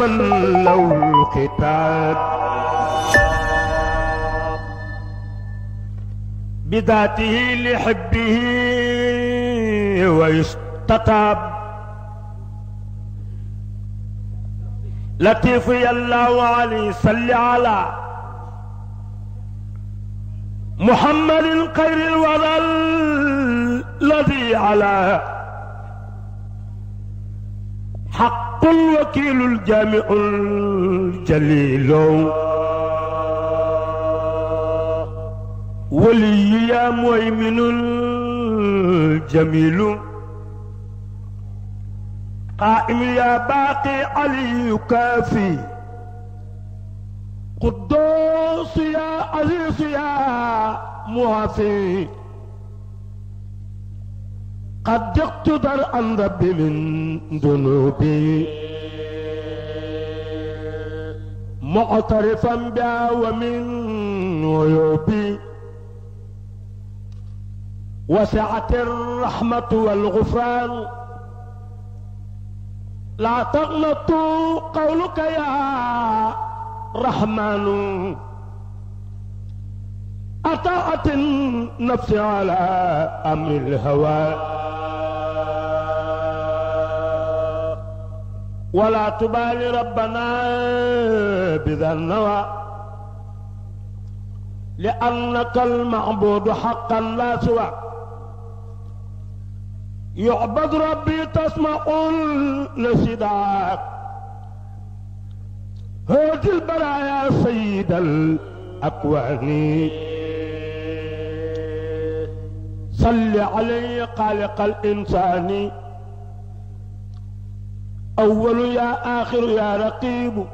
من لو الختاب بذاته لحبه ويستطاب لطيف يا الله وعلي صل على محمد خير الوضل الذي على حق الوكيل الجامع الجليل ولي يا مؤمن الجميل قائم يا باقي علي كافي قدوس يا عزيز يا معافي قد تقتدر عن ربي من ذنوبي معترفا بها ومن عيوبي وسعت الرحمة والغفران لا تغلط قولك يا رحمن أطاعت النفس على أمر الهوى ولا تبالي ربنا بذا النوى لأنك المعبود حقا لا سوى يعبد ربي تسمع لسداك هود البرايا سيد الأكوان صل علي قلق الإنسان أول يا آخر يا رقيب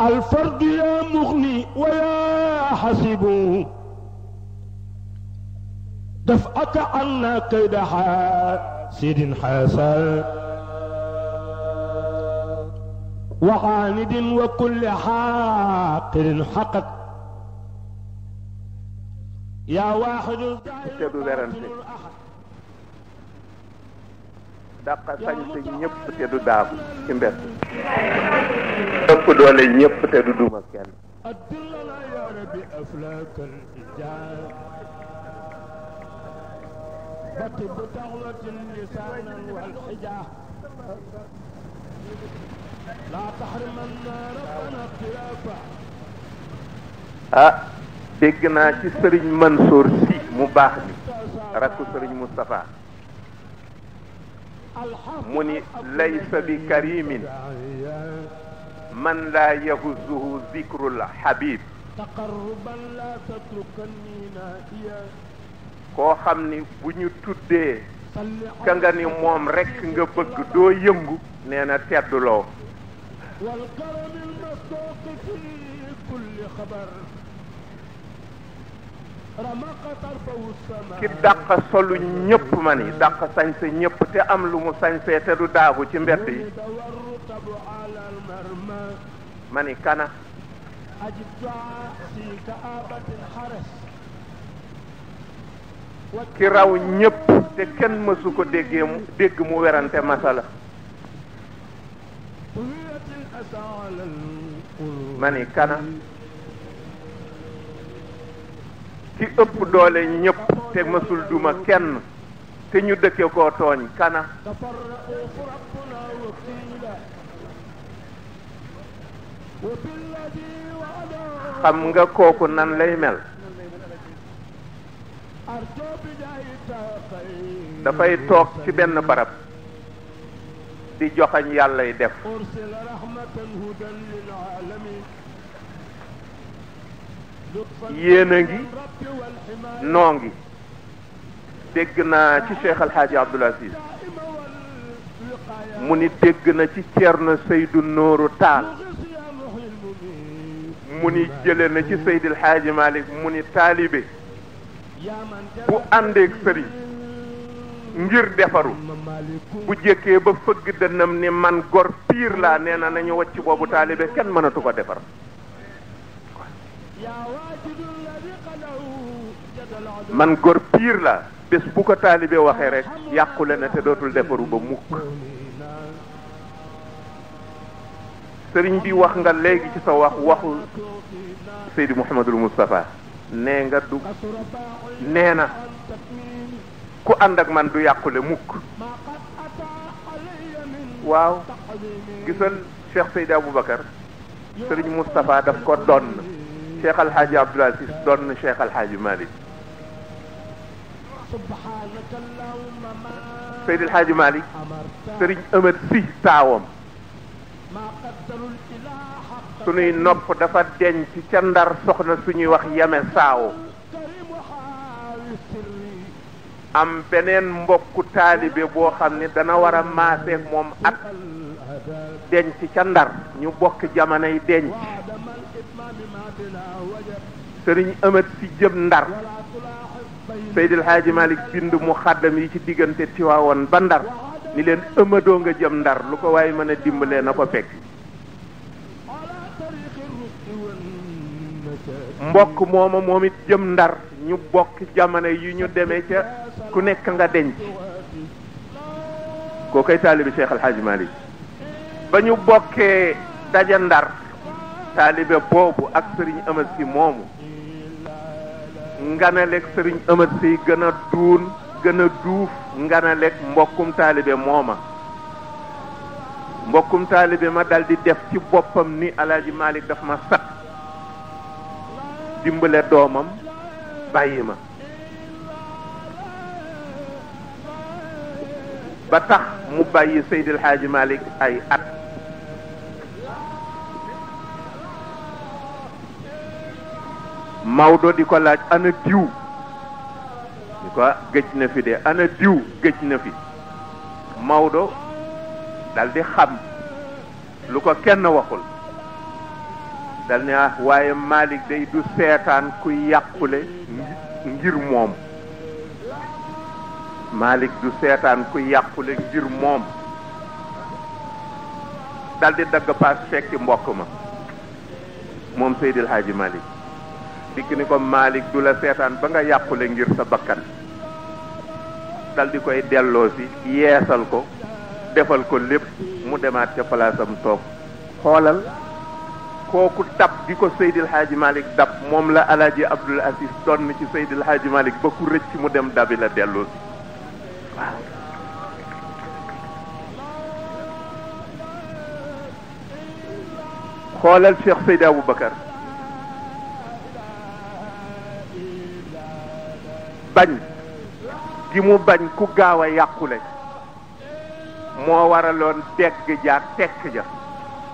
الفرد يا مغني ويا حسيب دفعك عنا كيد حاسد حسن وعاند وكل حاقر حقد يا واحد الدائم daqa sañ sa ñëpp te du daagu ci mbett ëpp doole ñëpp te du kenn ah dégg naa ci sëriñ Mansour si mu baax ni rakku sëriñ Moustapha mu ni laysa bi karimin man laa yahuzuhu zikrul habib koo xam ni bu ñu tuddee ka nga ni moom rekk nga bëgg doo yëngu nee na tedduloo ki dàq solu ñëpp ma ni dàq sañse ñëpp te am lu mu sañsee te du daagu ci mbett yi ma ni kana ki raw ñëpp te kenn mësu ko déggee mu dégg mu werante masala ma ni kana ci ëpp doole ñëpp te mësul duma kenn te ñu dëkke koo tooñ kana xam nga kooku nan lay mel dafay toog ci benn barab di joxañ yàllay def yéen ngi noo ngi dégg naa ci Cheikh Al Hadj Abdoul mu ni dégg na ci Thierno Seydou Nooru Taal mu ni jële na ci Seydil Hadji Malick mu ni taalibe bu àndeek sëriñ ngir defaru bu jëkkee ba fëgg dënnam ni man gor piir laa nee na nañu wacc boobu taalibe kenn mënatu ko defar man góor piir la bés bu ko taalibe waxee rek yàqule na te dootul defaru ba mukk sëriñ bi wax nga léegi ci sa wax waxul Seydi Mouhamadul Moustapha nee nga du nee na ku ànd ak man du yàqule mukk waaw gisal Cheikh Seydi Aboubacar sëriñ Moustapha daf ko donn Cheikh Al Hadj Abdoul Aziz doon na Cheikh Al Hadj Malick Seydi El Hadj Malick Serigne Amad Sy taawam sunuy nopp dafa denc ca ndar soxna suñuy wax yame saaw am beneen mbokku taalibe boo xam ne dana war a maaseeg moom at denc ca ndar ñu bokk jamonoy denc sëriñ amat si jëm ndar Seydil Haaji Malick bind mu xaddam yi ci diggante Tiwaawoon ba ndar ni leen ëmadoo nga jëm ndar lu ko waaye mën a dimbalee na ko fekk mbokk mooma moom it jëm ndar ñu bokk jamono yi ñu demee ca ku nekk nga denc koo koy taalibi Cheikh Al ba ñu bokkee daja ndar taalibe boobu ak sëriñ Amar si moomu nganaleeg sëriñ Amar si gën a duun gën a duuf nganaleeg mbokkum taalibe mooma mbokkum taalibe ma daldi def ci boppam ni alaaji Malick daf ma sat dimbale doomam bàyyi ma ba tax mu bàyyi Seydil Haaji Malick ay at Maodo di ko laaj ana diw di ko gëj na fi de a diw gëj na fi Maodo dal di xam lu ko kenn waxul dal ne ah waaye Malick day du seetaan ku yàqule ngir moom Malick du seetaan ku yàqule ngir moom dal di dagg paas fekki mbokk ma moom Seydil Hadji Malick dikk ni ko Malick du la seetaan ba nga yàqule ngir sa bakkan dal di koy delloosi si yeesal ko defal ko lépp mu demaat ca palaasam toog xoolal kooku dab di ko Seydil Hadji Malick dab moom la alaaji Abdul Aziz donn ci Seydil Hadji Malick ba ku rëcc mu dem dabi la delloo si waaw xoolal Cheikh Seydi bañ gi mu bañ ku gaaw a yàqule moo waraloon dégg ja tekk ja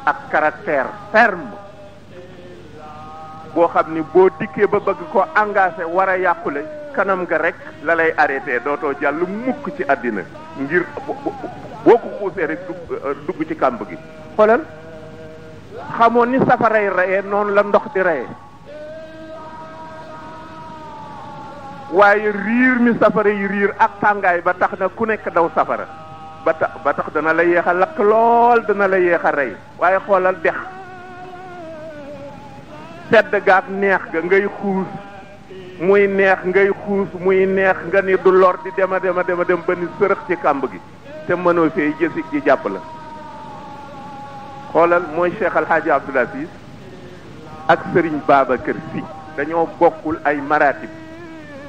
ak caractère ferme boo xam ni boo dikkee ba bëgg ko engagé war a yàqule kanam ga rekk la lay arrêté dootoo jàll mukk ci àddina ngir boo ko xuusee rek dugg euh, ci kàmb gi xoolal xamoon ni safaray reyee noonu la ndox di reyee waaye riir mi safara yi riir ak tàngaay ba tax na ku nekk daw safara ba tax ba tax dana la yéex a lakk lool dana la yéex rey waaye xoolal dex sedd gaag neex ga ngay xuus muy neex ngay xuus muy neex nga ni du lor di dema dema dema dem ba ni sërëx ci kàmb gi te mënoo fee jësig ji jàpp la xoolal mooy Cheikh Al Hadji Aziz ak Serigne Babacar Sy dañoo bokkul ay maratib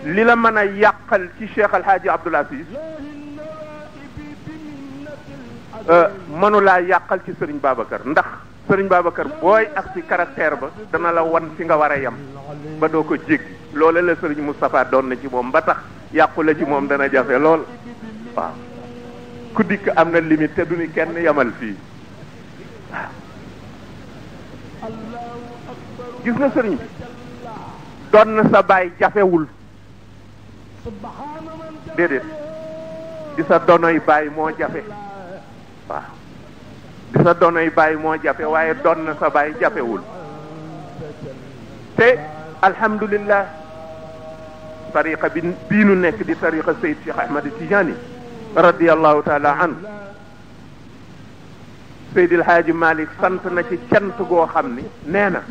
لما من يقل في شيخ الحاج عبد العزيز من لا يقل في سرين بابكر ندخ سرين بابكر بوي اكسي كاركتير با دانا لا وان فيغا ورا يام با دوكو جيك لول لا سرين مصطفى دون نتي موم با تخ يقو لا تي موم دانا جافي لول وا كو ديك امنا ليميت تدوني كين يامال في جيسنا سرين دون سا باي جافي وول déedéet di sa donoy bàyyi moo jafe waaw di sa donoy bàyyi moo jafe waaye doon na sa bàyyi jafewul te alhamdulillah tariqa bi bii nu nekk di tariqa sayid cheikh ahmad tijani radiallahu taala an seydil haaji malik sant na ci cant goo xam ni nee na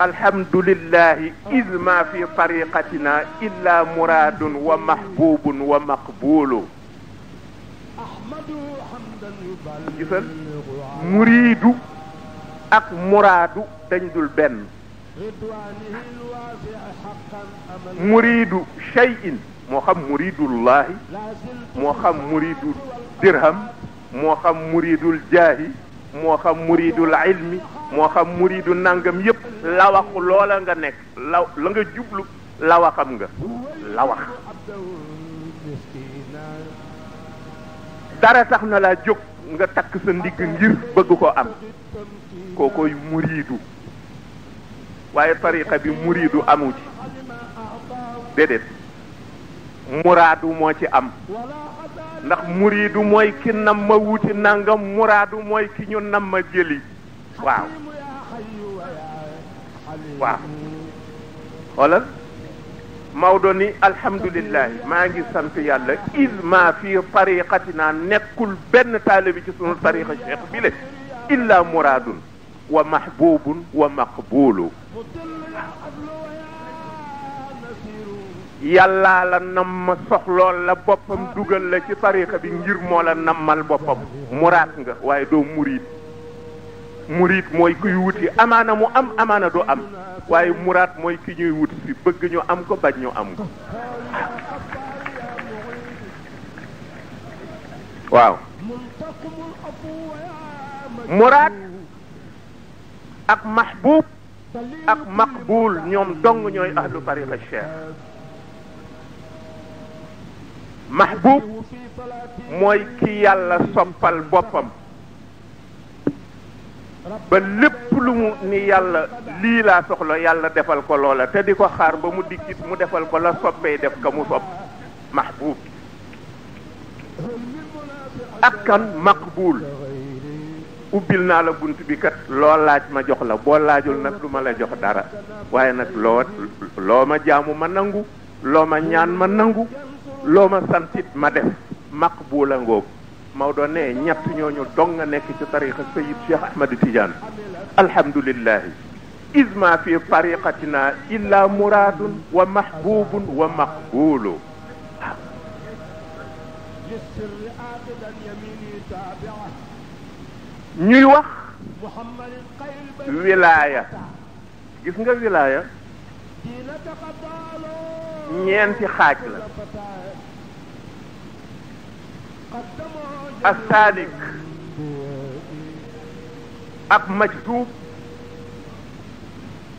الحمد لله إذ ما في طريقتنا إلا مراد ومحبوب ومقبول جسل مريد أك مراد تنزل بن مريد شيء مخم مريد الله مخم مريد درهم مخم مريد الجاهي moo xam muridul ilmi moo xam muridu nangam yépp la waxu loola nga nekk la la nga jublu la waxam nga la wax dara tax na laa jóg nga takk sa ndigg ngir bëgg ko am kookoy muridu waaye tariqa bi muridu amu ci déedéet muraadu moo ci am ndax muriidu moy ki nam ma wuti nangam muraadu moy ki ñu nam ma jëli waaw waaw xolal mawdo ni alhamdulillah maa ngi sant yàlla iz ma fi tariqatina nekul ben talib ci sunu tariqa cheikh bi le illa muradun wa mahbubun wa maqbulu yàlla la namm soxlool la boppam dugal la ci tarixa bi ngir moo la nammal boppam muraat nga waaye doo muriit muriit mooy kuy wuti amaana mu am amaana du am waaye muraat mooy ki ñuy wuti fi bëgg ñu am ko bañ ñu am ko waaw muraat ak mahbuub ak maqbuul ñoom dong ñooy ahlu tarixa cheikh mahbub mooy kii yàlla sompal boppam ba lépp lu mu ni yàlla lii laa soxla yàlla defal ko loola te di ko xaar ba mu dikkit mu defal ko la soppee def ka mu sopp mahbub ak kan maqbul ubbil naa la bunt bi kat loo laaj ma jox la boo laajul nag du ma la jox dara waaye nag loo loo ma jaamu ma nangu loo ma ñaan ma nangu loo ma santit ma def maqbuula ngóob Maodo ne ñett ñooñu dong nga nekk ci tariqa Sayyid Cheikh Ahmadou Tidiane alhamdulillahi isma fi tariqatina illa muradun wa mahbubun wa maqbulu ñuy wax wilaaya gis nga wilaaya ñeenti xaaj la ak saadik ak majzuub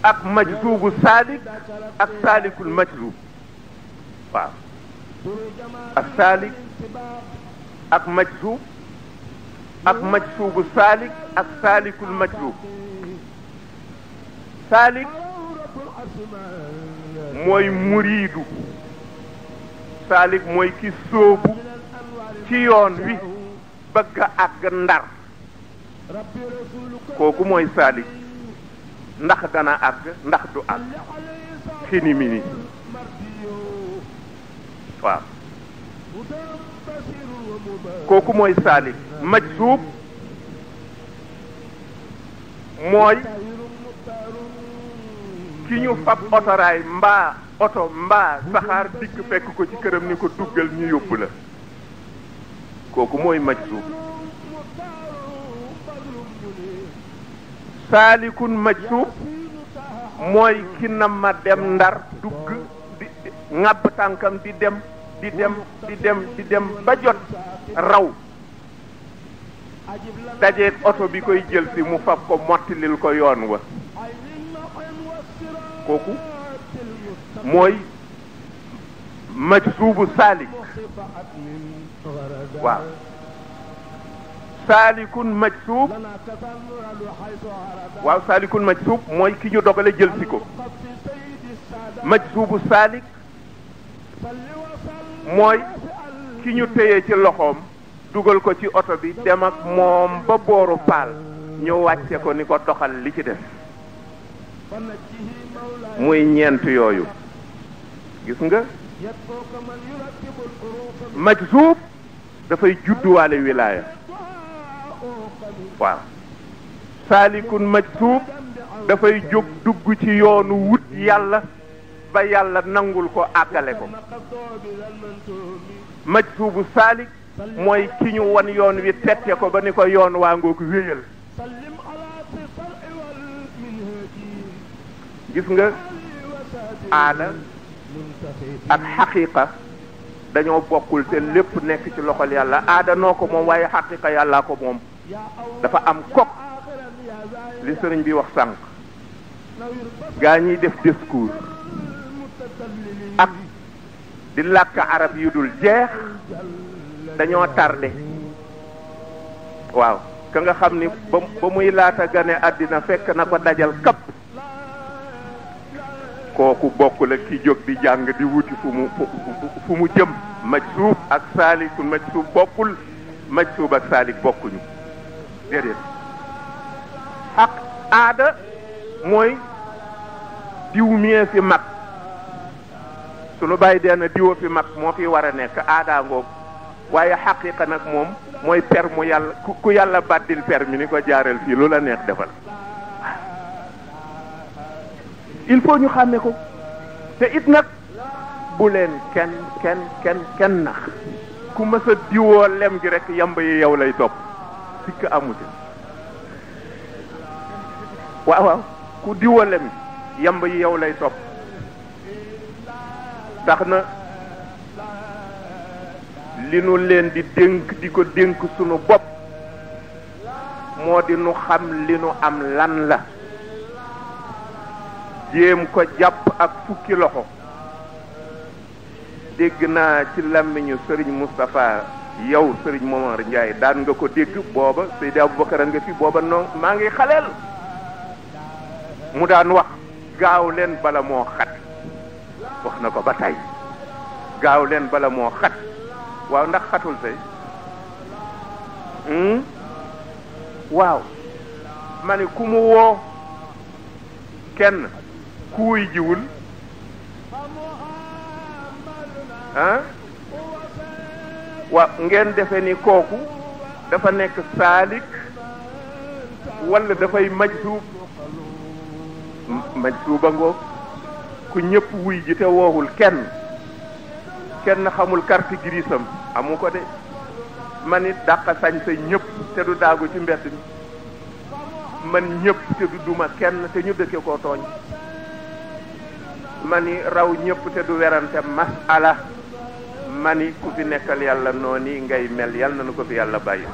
ak majzuubu saadik ak saadikul majzuub waaw ak saadik ak majzuub ak majzuubu saalik ak saalikul majzuub saalik mooy muriidu saalik mooy ki sóobu ci yoon wi bëgg a ndar kooku mooy saalik ndax dana àgg ndax du àgg fini waaw kooku mooy saalik majzuub mooy ki ñu fab otoraay mbaa oto mbaa saxaar dikk fekk ko ci këram ni ko duggal ñu yóbbu la kooku mooy majzum saalikun majzum mooy ki ma dem ndar dugg di ŋàbb tànkam di dem di dem di dem ba jot raw dajeeg oto bi koy jël mu fab ko mottilil ko yoon wa kooku mooy majzubu saalik waaw saalikun majsuub waaw saalikun majsuub mooy ki ñu dogale jël si ko majsuubu saalik mooy ki ñu téye ci loxoom dugal ko ci oto bi dem ak moom ba booru paal ñu wàcce ko ni ko doxal li ci def muy ñeent yooyu gis nga majzuub dafay judduwaale wilaaya waaw saalikun majzuub dafay jóg dugg ci yoonu wut yàlla ba yàlla nangul ko àggale ko majzuubu saalik mooy ki ñu wan yoon wi tette ko ba ni ko yoon waa ngoog wéyal gis nga aada ak xaqiqa dañoo bokkul te lépp nekk ci loxol yàlla aada noo ko moom waaye xaqiqa yàllaa ko moom dafa am kok li sëriñ bi wax sànq gaa ñiy def discours ak di làkk arab yu dul jeex dañoo tardé waaw ka nga xam ni ba muy laata gane àddina fekk na ko dajal kapp kooku bokkul ak ki jóg di jàng di wuti fu mu fu mu jëm majsuub ak saaliku majsuub bokkul majsuub ak saali bokkuñu déedéet ak aada mooy diw mie fi mag sunu bàyyi dee na diwa fi mag moo fi war a nekk aadaangoo ngoog waaye xaqiqa nag moom mooy per mu yàlla ku yàlla bàddil per mi ni ko jaaral fii lu la neex defal il faut ñu xàmme ko te it nag bu leen kenn kenn kenn kenn nax ku mës a diwoo lem gi rekk yamba yi yow lay topp sikk amu ci waaw waaw ku diwoo lem gi yamba yi yow lay topp tax na li nu leen di dénk di ko dénk sunu bopp moo di nu xam li nu am lan la jéem ko jàpp ak fukki loxo dégg naa ci làmmiñu sëriñ Moustapha yow sëriñ Momar njaay daan nga ko dégg booba Seydi Aboubacar nga fi booba non maa ngi xaleel mu daan wax gaaw leen bala moo xat wax na ko ba tey gaaw leen bala moo xat waaw ndax xatul tey hmm? waaw ma ku mu woo kenn ku wuy jiwul ah wa ngeen defe ni kooku dafa nekk saalik wala dafay majsuub majsuuba ngoog ku ñépp wuy ji te woowul kenn kenn xamul carte grise am amu ko de man it dàq sañ sa ñëpp te du daagu ci mbedd mi man ñëpp te du duma kenn te ñu dëkke koo tooñ mani raw ñépp te du werante masala ma ni ku fi nekkal yàlla noonu ngay mel yal na nu ko fi yàlla bàyyi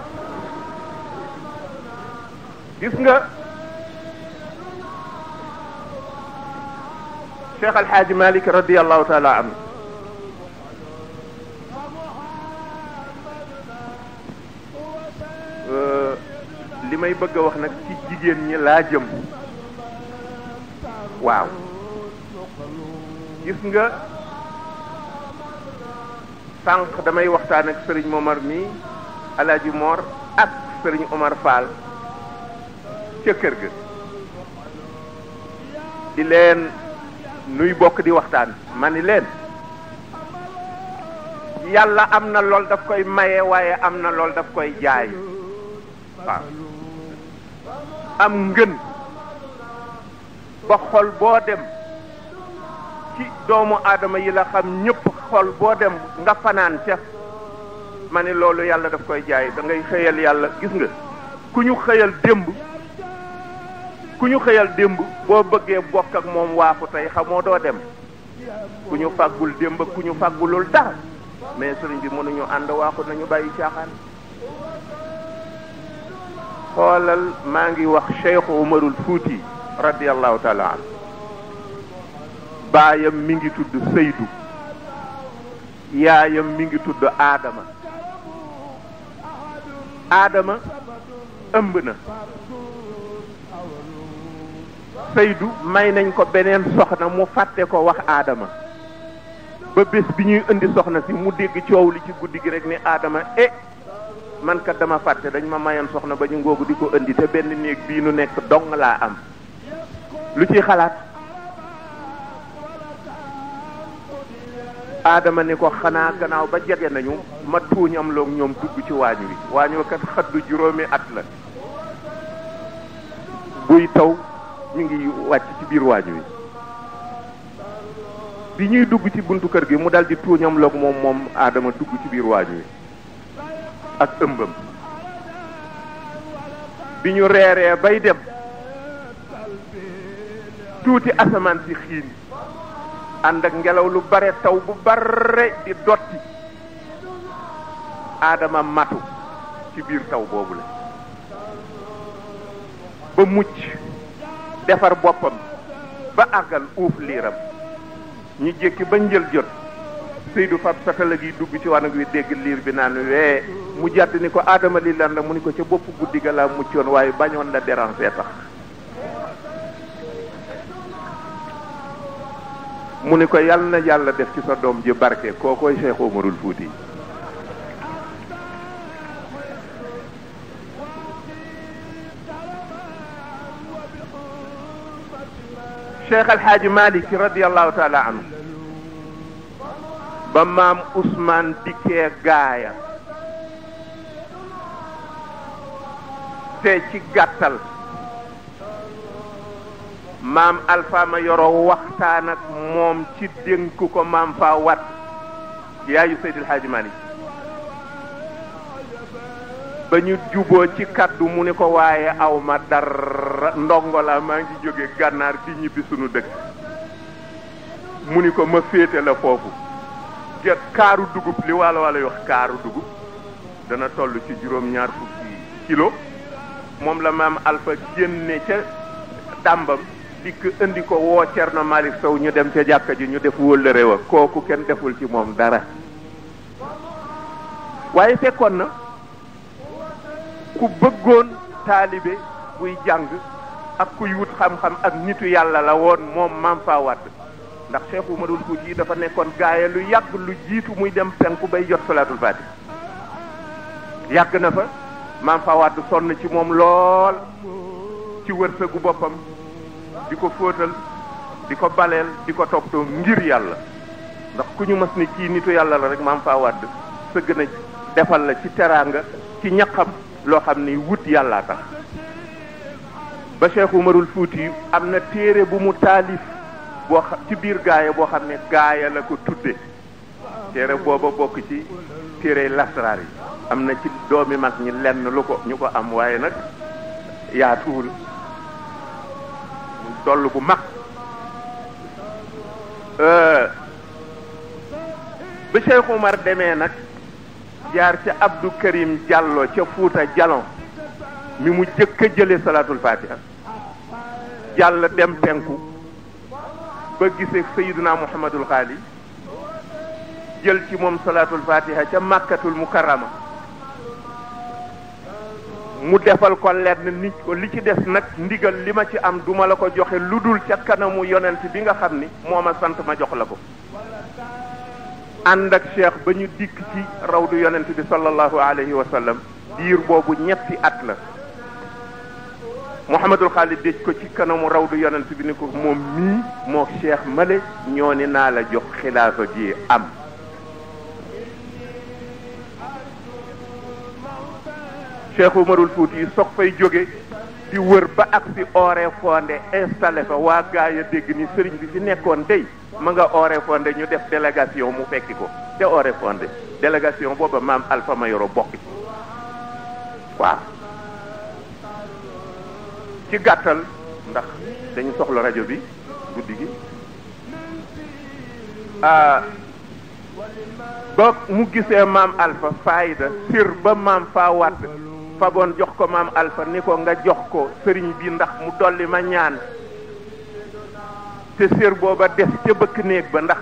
gis nga Cheikh Al Hadj Malick radiyallahu taala euh, li may bëgg a wax nag ci jigéen ñi laa jëm waaw gis nga sànq damay waxtaan ak sëriñ Momar mi Alaaji Mor ak sëriñ Omar Fall ca kër ga di leen nuy bokk di waxtaan ma ni leen yàlla am na lool daf koy maye waaye am na lool daf koy jaay waaw am ngën ba xol boo dem ci doomu aadama yi la xam ñëpp xol boo dem nga fanaan ca ma ne loolu yàlla daf koy jaay da ngay xëyal yàlla gis nga ku ñu xëyal démb ku ñu xëyal démb boo bëggee bokk ak moom waafu tey xamoo doo dem ku ñu fàggul démb ku ñu fàggulul dara mais sëriñ bi mënuñu ànd waaxu nañu bàyyi caaxaan xoolal maa ngi wax Cheikh Umarul Fuuti radiyallahu taala anhu baayam mi ngi tudd Seydou yaayam mi ngi tudd aadama aadama ëmb na Seydou may nañ ko beneen soxna mu fàtte ko wax aadama ba bés bi ñuy indi soxna si mu dégg coow li ci guddi gi rek ni aadama eh man kat dama fàtte dañ ma mayoon soxna ba ñu ngoogu di ko indi te benn néeg bii nu nekk dong laa am lu ciy xalaat. aadama ni ko xanaa gannaaw ba jege nañu ma tuuñ am ñoom dugg ci waañ wi waañ wa xaddu juróomi at la buy taw ñu ngi wàcc ci biir waañ wi bi ñuy dugg ci buntu kër gi mu dal di tuuñam loog moom moom aadama dugg ci biir waañ wi ak ëmbam bi ñu reeree bay dem tuuti asamaan si xiin anda ngelaw lu bare taw bu bare di dotti adama matu ci bir taw bobu la ba mucc defar bopam ba agal uuf liram, ñu jekki ba njël jot seydou fab satala gi dugg ci wanag wi dégg liir bi naan we mu jatt ni ko adama li lan la mu ni ko ca bopp guddi ga muccoon waaye la déranger tax mu ni ko yal na yàlla def ci sa doom ji barke kookoy cheikh omarul fuuti cheikh alhaaji malik radiallahu taala anhu ba maam ousmane dikkee gaaya te ci gàttal maam Alpha ma yoroo waxtaan ak moom ci dénku ko maam faa wat yaayu Seydil Hadji ba ñu juboo ci kaddu mu ni ko waaye aw ma dara ndongo la maa ngi jóge gànnaar di ñibbi sunu dëkk mu ni ko ma féete la foofu kaaru dugub li wala wala wax kaaru dugub dana toll ci juróom-ñaar fukki kilo moom la maam Alpha génne ca dàmbam dikk indi ko woo no Malick Sow ñu dem ca jàkka ji ñu def wóllëre wa kooku kenn deful ci moom dara waaye fekkoon na ku bëggoon taalibe buy jàng ak kuy wut xam-xam ak nitu yàlla la woon moom maam faa wadd ndax Cheikh Umarul Fuuti yi dafa nekkoon gaaya lu yàgg lu jiitu muy dem penku bay jot salaatul faatih yàgg na fa maam faa wadd sonn ci moom lool ci wërsëgu boppam di ko fóotal di ko baleel di ko toppatoo ngir yàlla ndax ku ñu mas ni kii nitu yàlla la rek maam faa wàdd sëgg na defal la ci teraanga ci ñaqam loo xam ni wut yàlla tax ba Cheikh Umarul Fuuti am na téere bu mu taalif boo xam ci biir gaaya boo xam ne gaaya la ko tudde téere booba bokk ci téere lasraar yi am na ci doomi mag ñi lenn lu ko ñu ko am waaye nag yaatuwul doll bu mag bi Cheikh Oumar demee nag jaar ca Abdou Karim Diallo ca Fuuta Jalon mi mu jëkk a jële salaatul fatiha jàll dem penku ba gisee Seydina Muhammadul Xaali jël ci moom salaatul fatiha ca Makkatul Mukarrama mu defal ko lenn ni ko li ci des nak ndigal lima ci am duma la ko joxe ludul dul ca kanamu yonent bi nga xamni moma sant ma jox la ko ànd ak cheikh bañu dik ci rawdu yonent bi sallallahu alayhi wa sallam dir bobu ñetti at la muhammadul xaalid déj ko ci kanamu rawdu yonent bi ni ko moom mii moo cheikh male ñoo ni naa la jox xilaafa bi am Cheikh Umarul Fuuti soog fay jóge di wër ba ak si ore fonde installé fa waa gaa ya dégg ni sëriñ bi fi nekkoon day ma nga ore fonde ñu def délégation mu fekki ko te ore fonde délégation booba maam Alpha Mayoro bokk ci waaw ci gàttal ndax dañu soxla rajo bi guddi gi ah, ba mu gisee maam Alpha faayda sir ba maam faa wadd faboon jox ko maam Alpha ni ko nga jox ko sëriñ bi ndax mu dolli ma ñaan te sér booba des ca bëkk néeg ba ndax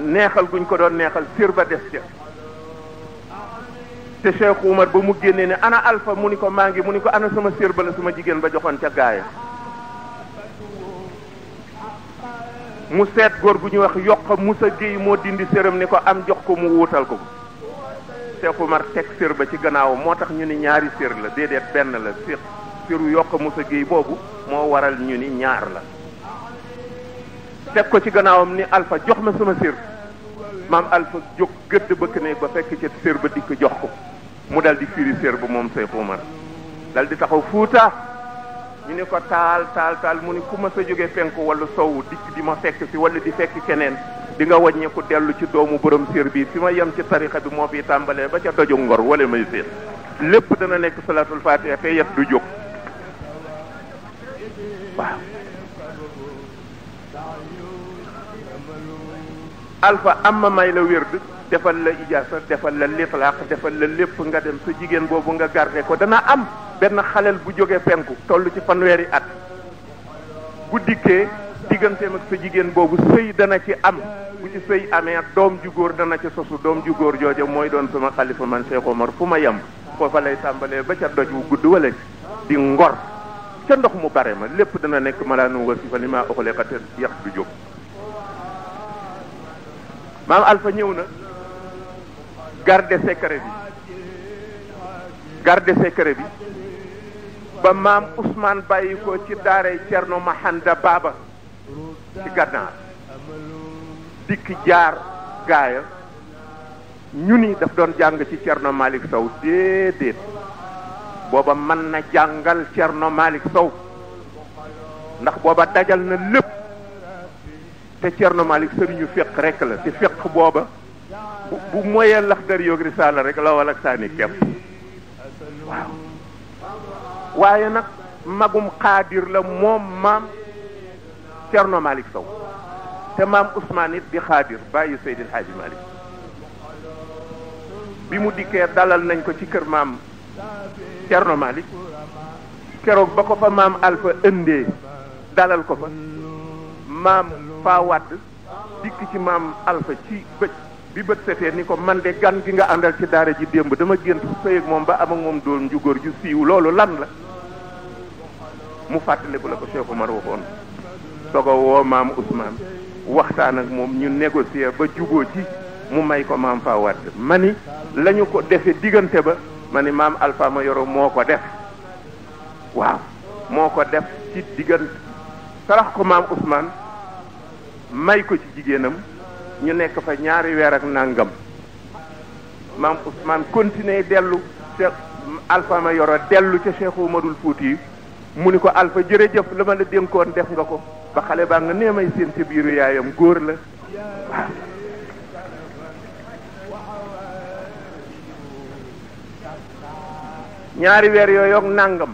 neexal guñ ko doon neexal sér ba des ca te Cheikh Oumar ba mu génnee ne ana Alpha mu ni ko maa ngi mu ni ko ana sama sér ba la sama jigéen ba joxoon ca gaaya mu seet góor gu ñuy wax yokk Musa Géy moo dindi séram ni ko am jox ko mu wuutal ko Cheikh Oumar teg sér ba ci gannaaw moo tax ñu ni ñaari sér la déedéet benn la sér séru yokk Moussa Gueye boobu moo waral ñu ni ñaar la teg ko ci gannaawam ni alfa jox ma sama sér maam Alpha jóg gëdd bëkk ne ba fekk ca sér ba dikk jox ko mu dal di firi sér ba moom Cheikh Oumar dal di taxaw fuuta ñu ne ko taal taal taal mu ni ku ma sa jóge penku wala sowu dikk di ma fekk si walla di fekk keneen di nga wàññeeku dellu ci doomu borom séer bi fi ma yem ci tarixa bi moo fi tàmbalee ba ca doju ngor wala may séen lépp dana nekk salatul fatiha te yet du jóg waaw alfa am ma may la wérd defal la ijaasa defal la litlaq defal la lépp nga dem sa jigéen boobu nga garde ko dana am benn xalel bu jógee penku toll ci fanweeri at bu dikkee diggante ak sa jigéen boobu sëy dana ci am bu ci sëy amee doom ju dana ci sosu doom ju góor jooja mooy doon sama xalifa man Cheikh Omar fu ma yem foofa lay tàmbalee ba ca doj wu gudd wala di ngor ca ndox mu bare ma lépp dana nekk malaanu wasifa li maa oxalee ka te yax du jóg maam Alpha ñëw na garde secret bi garde secret bi ba maam Ousmane bàyyi ko ci daaray Cerno Mahanda Baba ci gànnaar dikk jaar gaaya ñu ni daf doon jàng ci Cerno Malick Sow déedéet booba mën na jàngal Cerno Malick Sow ndax booba dajal na lépp te Cerno Malick sëriñu fiq rek la ci fiq booba bu bu moyee laxdar yoog risaala rek la wal saani kepp waaw waaye nag magum xaadir la moom maam Cerno Malick Sow te maam Ousmane it di xaadir bàyyi Seydil Hadji Malick bi mu dikkee dalal nañ ko ci kër maam Cerno Malick keroog ba ko fa maam Alpha ëndee dalal ko fa maam faa wadd dikk ci maam Alpha ci bët bi bët setee ni ko man de gan gi nga àndal ci daara ji démb dama gént sëy ak moom ba am ak moom doon ju góor ju siiw loolu lan la mu fàttaliku la ko Cheikh Omar waxoon soog woo maam Ousmane waxtaan ak moom ñu négocier ba juboo ci mu may ko maam faa wadd ma ni ko defee diggante ba ma ni maam Alpha yoro moo ko def waaw moo ko def ci diggante sarax ko maam Ousmane may ko ci jigéenam ñu nekk fa ñaari weer ak nàngam maam Ousmane continuer dellu Cheikh Alpha Mayoro dellu ca Cheikh Oumarul Fouti mu ni ko Alpha jërëjëf la ma la dénkoon def nga ko ba xale baa nga nee may seen ca biiru yaayam góor la ñaari weer yooyu ak nàngam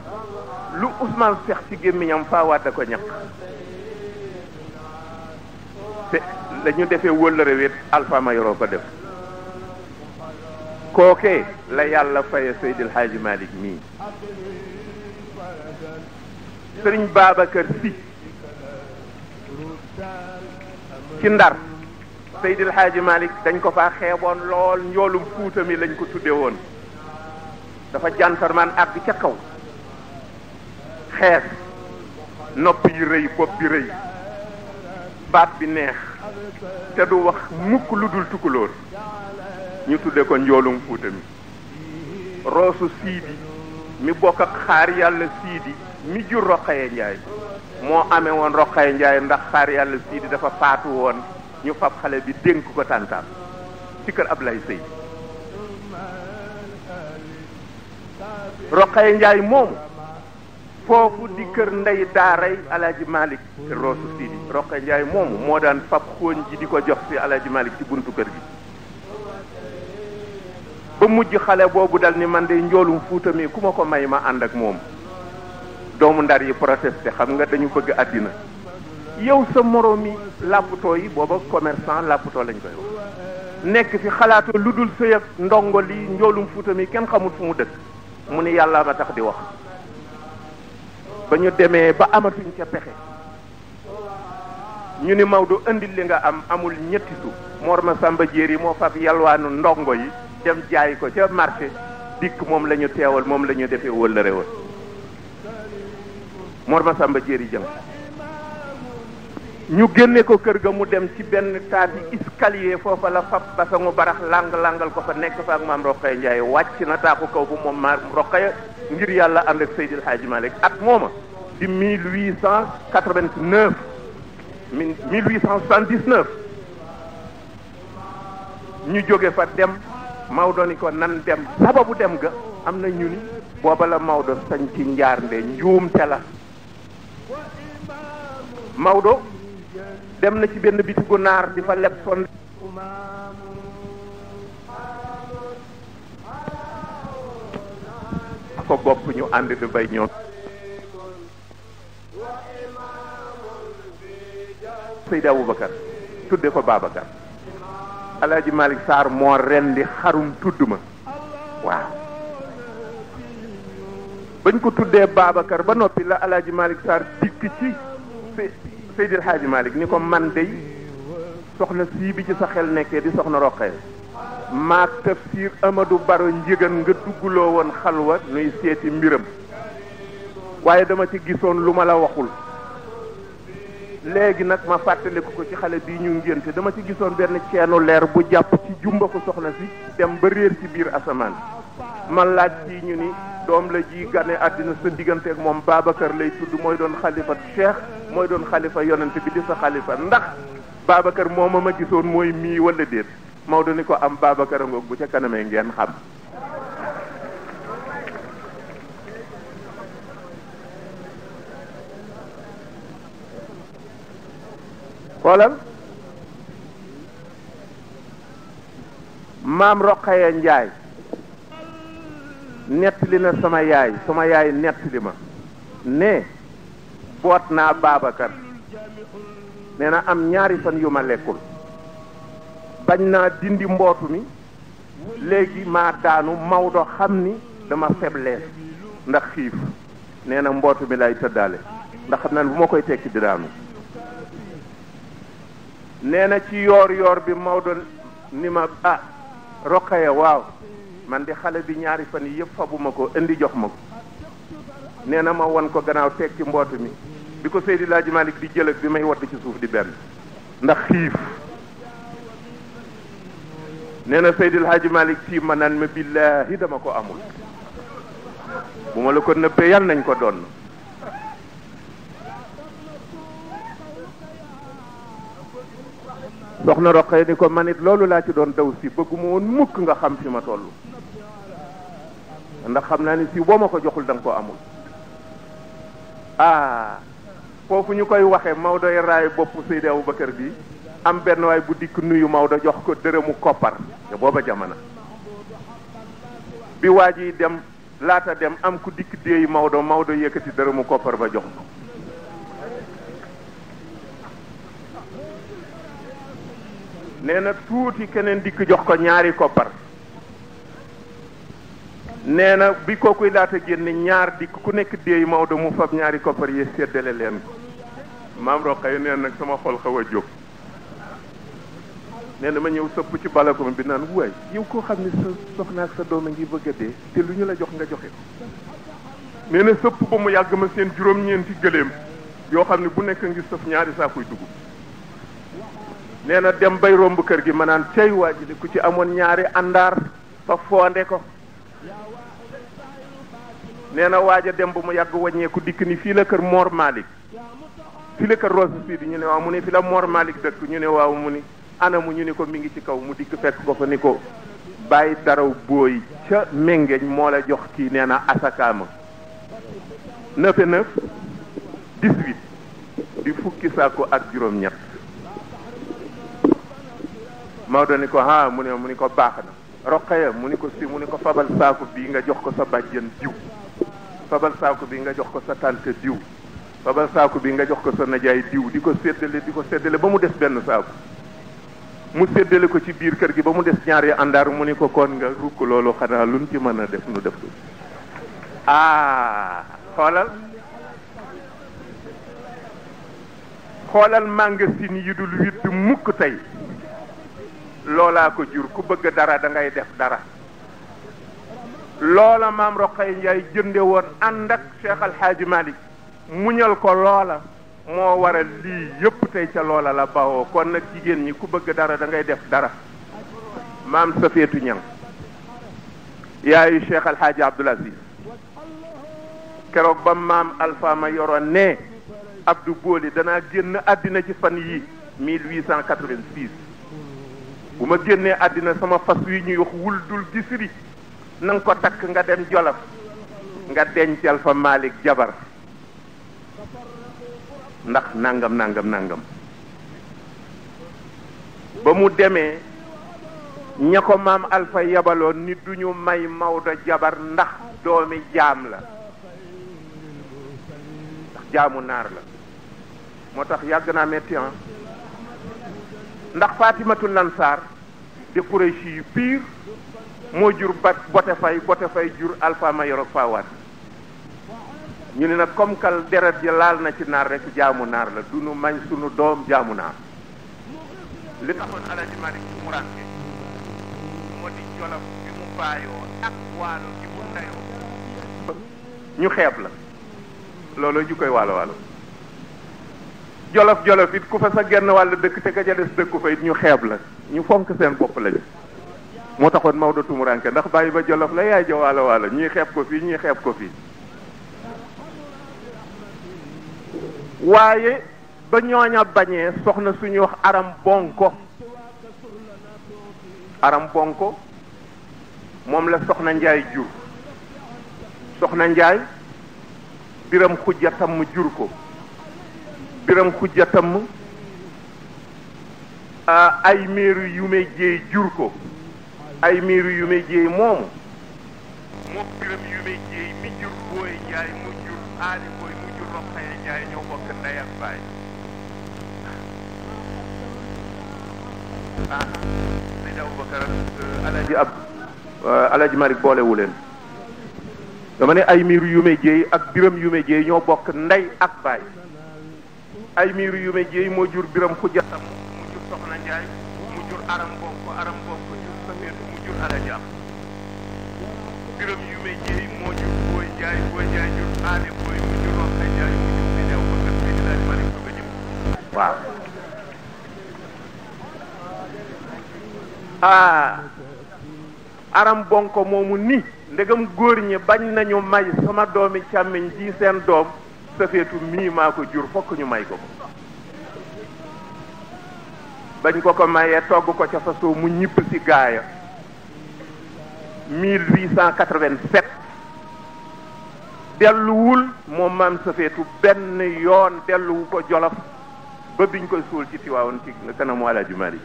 lu Ousmane Seck ci gémmiñam faawaat da ko ñàkk te la ñu defee wóllëre wet Alpha ko def kookee la yàlla faye Seydil Hadji Malick mii sëriñ Babacar Sy ci ndar Seydil Hadji malik dañ ko faa xeeboon lool njoolum Fuuta mi lañ ko tudde woon dafa jantarmaan àgg ca kaw xees nopp yi rëy bopp bi rëy baat bi neex te du wax mukk lu dul tukulóor ñu tudde ko njoolum Fuuta mi roosu siidi mi bokk ak xaar yàlla siidi mi jur roqaye njaay moo amee woon roqay njaay ndax xaar yàlla di dafa faatu woon ñu fab xale bi dénk ko tàntaam ci kër ab lay Sëy roqay njaay moomu foofu di kër ndey daaray alaaji malik te roosu sii njaay moomu moo daan fab xóoñ ji di ko jox si alaaji malik ci buntu kër gi ba mujj xale boobu dal ni man de njoolum fuutamii ku ma ko may ma ànd ak moom doomu ndar yi protesté xam nga dañu bëgg àddina yow sa moroom yi làppatoo yi booba commerçant làppatoo lañ koy wax nekk fi xalaatu lu dul sëy ak ndongo li njoolum fuutam yi kenn xamul fu mu dëkk mu ni yàlla ma tax di wax ba ñu demee ba amatuñ ca pexe ñu ni Maodo indi li nga am amul ñetti su Mor Masamba Jéer yi moo fab yalwaanu ndongo yi dem jaay ko ca marché dikk moom lañu teewal moom la ñu defee wëllëre woon Mor Masamba Jéeri Jëng ñu génne ko kër ga mu dem ci benn taati escalier foofa la fab basangu barax lang-langal ko fa nekk fa ak maam Roqaya Njaay wàcc na taaku kaw bu moom maam Roqaya ngir yàlla ànd ak Seydil Hadji Malick at mooma di 1889 1879 ñu jóge fa dem Maodo ni ko nan dem sababu dem ga am na ñu ni booba la Maodo sañ ci njaar nde njuum te la Maodo dem na ci benn bitigu naar di fa leb sonde ko bokk ñu ànd di bay ñoom Seydi Aboubacar tudde ko Babacar Alaaji Malick Sarr moo ren di xarum tudd ma waaw bañ ko tuddee Babacar ba noppi la alaaji Malick Sarr dikk ci Seydil Haaji Malick ni ko man dey soxna sii bi ci sa xel nekkee di soxna roqee maak tafsir Amadou Baro njëgan nga dugguloo woon xalwa nuy seeti mbiram waaye dama ci gisoon lu ma la waxul léegi nag ma fàttaliku ko ci xale bii ñu ngénte dama ci gisoon benn ceenu leer bu jàpp ci jumba ko soxna si dem ba réer ci biir asamaan ma laaj ci ñu ni doom la ji gane àddina sa digganteeg moom Babacar lay tudd mooy doon xalifa cheikh mooy doon xalifa yonent bi di sa xalifa ndax Babacar mooma a gisoon mooy mii walla déet Maodo ni ko am Babacar a ngoog bu ca kanamee ngeen xam xoolal maam Roqaya Njaay nettali na sama yaay sama yaay nettali ma ne boot naa baabakat nee na am ñaari fan yu ma lekkul bañ naa dindi mbootu mi léegi maa daanu Maodo xam ni dama faiblesse ndax xiif nee na mbootu mi lay tëddaale ndax xam na bu ma koy tekki di daanu nee na ci yoor yoor bi Maodo ni ma ah Rokhaya waaw man di xale bi ñaari fan yëpp fabuma ko indi jox ma ko nee na ma won ko gannaaw teg ci mbootu mi bi ko Seydi Laaji Malick di jël ak bi may wadd ci suuf di benn ndax xiif nee na Seydi Laaji Malick sii ma naan ma billahi dama ko amul bu ma la ko nëbbee yal nañ ko doon soxna yi ni ko manit loolu laa ci doon daw si bëgguma woon mukk nga xam si ma toll ndax xam naa ni si boo ma ko joxul da ko amul ah foofu ñu koy waxee Maodo raay bopp Seydi Aboubacar bi am benn waay bu dikk nuyu Maodo jox ko dërëmu koppar te booba jamono bi waa ji dem laata dem am ku dikk déey Maodo Maodo yëkkati dërëmu koppar ba jox nee na tuuti keneen dikk jox ko ñaari koppar nee na bi kookuy laata génn ñaar dikk ku nekk déey Maodo mu fab ñaari koppar yi séddale leen ko maam roqay nee nag sama xol xaw a jóg nee na ma ñëw sëpp ci balako bi naan waay yow koo xam ne soxna ak sa doom a ngi bëgg a dee te lu ñu la jox nga joxe nee na sëpp ba mu yàgg ma seen juróom-ñeenti gëléem yoo xam ne bu nekk ngi sëf ñaari saakuy dugub nee na dem bay romb kër gi ma naan cey waa ji li ku ci amoon ñaari àndaar ba foonde ko nee na waaj a dem bu mu yàgg wàññeeku dikk ni fii la kër Mor Malick fii la kër Rose Sidi ñu ne waaw mu ni fii la Mor dëkk ñu ne waaw mu ni anamu ñu ni ko mi ngi ci kaw mu dikk fekk ko fa ni ko bàyyi dara booy ca méngeeñ moo la jox kii nee na asakaama neuf et neuf di fukki saako ak juróom-ñett Maodo ni ko ha mu ne mu ni ko baax na Roqaya mu ni ko si mu ni ko fabal saako bii nga jox ko sa bàjjen diw fabal saako bi nga jox ko sa tante diw fabal saako bi nga jox ko sa najaay diw di ko séddale di ko seddale ba mu des benn saaku mu séddale ko ci biir kër gi ba mu des ñaari àndaar mu ni ko kon nga rukk loolu xanaa luñ ci mën a def nu def ko ah xoolal xoolal màngasin yi dul witt mukk tey loolaa ko jur ku bëgg dara da ngay def dara loola maam Roqay Njaay jënde woon ànd ak Cheikh Al Hadj Malick muñal ko loola moo waral lii yëpp tey ca loola la bawoo kon nag jigéen ñi ku bëgg dara dangay def dara maam Safeetu Ñang yaayu Cheikh Al Hadj Abdoul Aziz keroog ba maam Alpha ma yoroon ne Abdou Booli danaa génn àddina ci fan yii 1886. bu ma génnee àddina sama fas wi ñuy wax wul dul gisiri na nga ko takk nga dem jolof nga dencal fa Malick jabar ndax nangam nangam nangam ba mu demee ña ko maam Alfa yebaloon ni ñu may Maodo jabar ndax doomi jaam la ndax jaamu naar la moo tax yàgg naa métti ah. ndax Fatimatu Lansar di Qurayshi yu pire moo jur ba bote fay bote jur Alpha Mayor ak Fawad ñu ne nag comme deret ji laal na ci naar rek jaamu naar la du nu mañ sunu doom jaamu naar li taxoon Alaaji Malik ci muranke moo di jolof bi mu baayoo ak waalo ji mu tayoo ñu xeeb la looloo ju koy waalo waalo jolof-jolof it ku fa sa genn wàll dëkk te ka ca des dëkku fa it ñu xeeb la ñu fonk seen bopp lañu moo taxoon Maodo tumuranke ndax bàyyi ba jolof la yaay ja waalo waalo ñii xeeb ko fii ñii xeeb ko fii waaye ba ñooña bañee soxna suñuy wax aram bonko aram bonko moom la soxna njaay jur soxna njaay biram xujja tam mu jur ko biram xujja ay miiru yu jur ko ay miir yu may jéey moomu moo biram yu mi jur booy jaay mu jur aali booy mu jur roxaya jaay ñoo bokk ndey ak baay ah euh, Ab euh, Alaaji Malick boolewu leen dama ne ay miir yu may ak biram yu may jéey ñoo bokk ndey ak baay ay miiru yu may moo jur biram ku jatam mu jur soxna njaay mu jur aram bokk aram bokk ko jur safeetu mu jur alajaam biram yu moo jur booy njaay booy njaay jur aale booy mu jur roxna njaay mu jur bineew ba kat bi dinaa di mari soog a jëm waaw ah. aram bonko moomu ni ndegam góor ñi bañ nañu may sama doomi càmmiñ ji seen doom safeetu mii maa ko jur fokk ñu may ko ko bañ ko ko mayee togg ko ca fasoo mu ñibb ci gaaya 1887 delluwul moom maam safeetu benn yoon delluwu ko jolof ba biñ ko suul ci tiwaawoon ci kanamu Alaaji Mari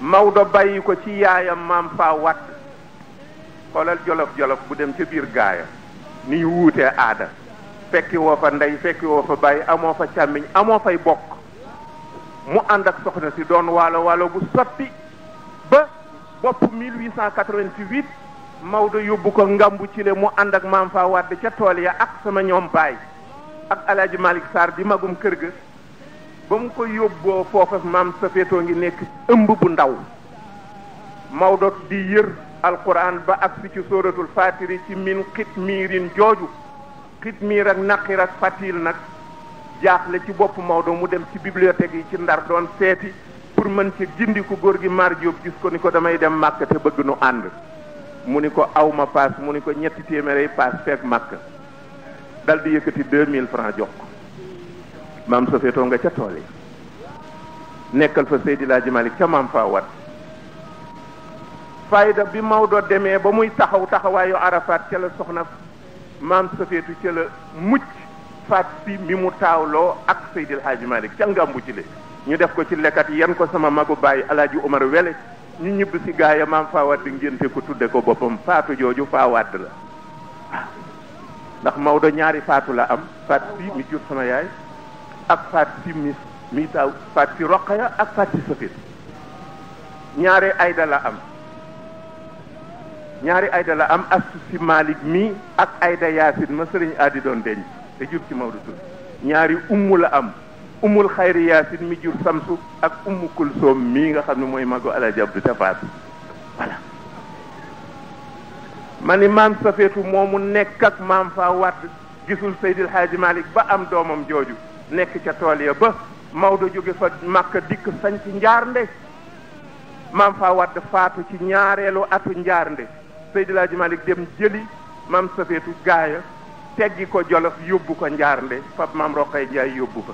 Maodo bàyyi ko ci yaayam maam faa wadd xoolal jolof jolof bu dem ca biir gaaya ni ñu aada fekki woo fa ndey fekki woo fa bàyyi amoo fa càmmiñ amoo fay bokk mu ànd ak soxna si doon waalo waalo bu sotti ba bopp 1888 Maodo yóbbu ko ngambu ci le mu ànd ak maam fa wadd ca tool ya ak sama ñoom baay ak alaaji Malick Sarr di magum kër ga ba mu ko yóbboo foofa maam sa féetoo ngi nekk ëmb bu ndaw Maodo di yër alquran ba ak si ci sóoratul fatiri ci min xitmiirin jooju xitmiir ak naqir ak fatil nag jaaxle ci bopp Maodo mu dem ci bibliothèque yi ci ndar doon seeti pour mën ci gindi ko góor gi Mar Diop gis ko ni ko damay dem màkk te bëgg nu ànd mu ni ko awma paas mu ni ko ñetti téeméeri paas fekk màkk dal di yëkkati deux mille francs jox maam sofeetoo nga ca tool yi nekkal fa Seydi Laaji Malik ca maam faa wat fayda bi Maodo demee ba muy taxaw taxawaayu Arafat ca la soxna maam safeetu ca la mucc faat si mi mu taawloo ak Seydil Hadji Malick ca nga mbucc le ñu def ko ci lekkat yan ko sama magu baay bàyyi alaaji Umar wele ñu ñibb si gaaya maam faawaat di ngénte ko tudde ko boppam faatu jooju faawaat la ndax Maodo ñaari faatu la am faat si mi jur sama yaay ak faat si mi mi taaw faat si roqaya ak faat si safeetu ñaare ayda la am ñaari ayda la am astu si Malick mi ak ayda yaasin ma sëriñ aadi doon denc te jur ci Maodo Touré ñaari ummu la am ummul xayri yaasin mi jur samsu ak ummu kulsoom mii nga xam ne mooy magu Alaaji Abdu Tafaat voilà ma ni maam safeetu moomu nekk ak maam faa wadd gisul Seydil Haaji Malick ba am doomam jooju nekk ca tool ya ba Maodo jóge fa Màkka dikk sañ ci njaar nde maam faa wadd faatu ci ñaareelu atu njaar nde seydi laaji malik dem jeli, mam safetu gaaya teggi ko jolof yobbu ko njaarnde fab mam rokay jaay yobbu fa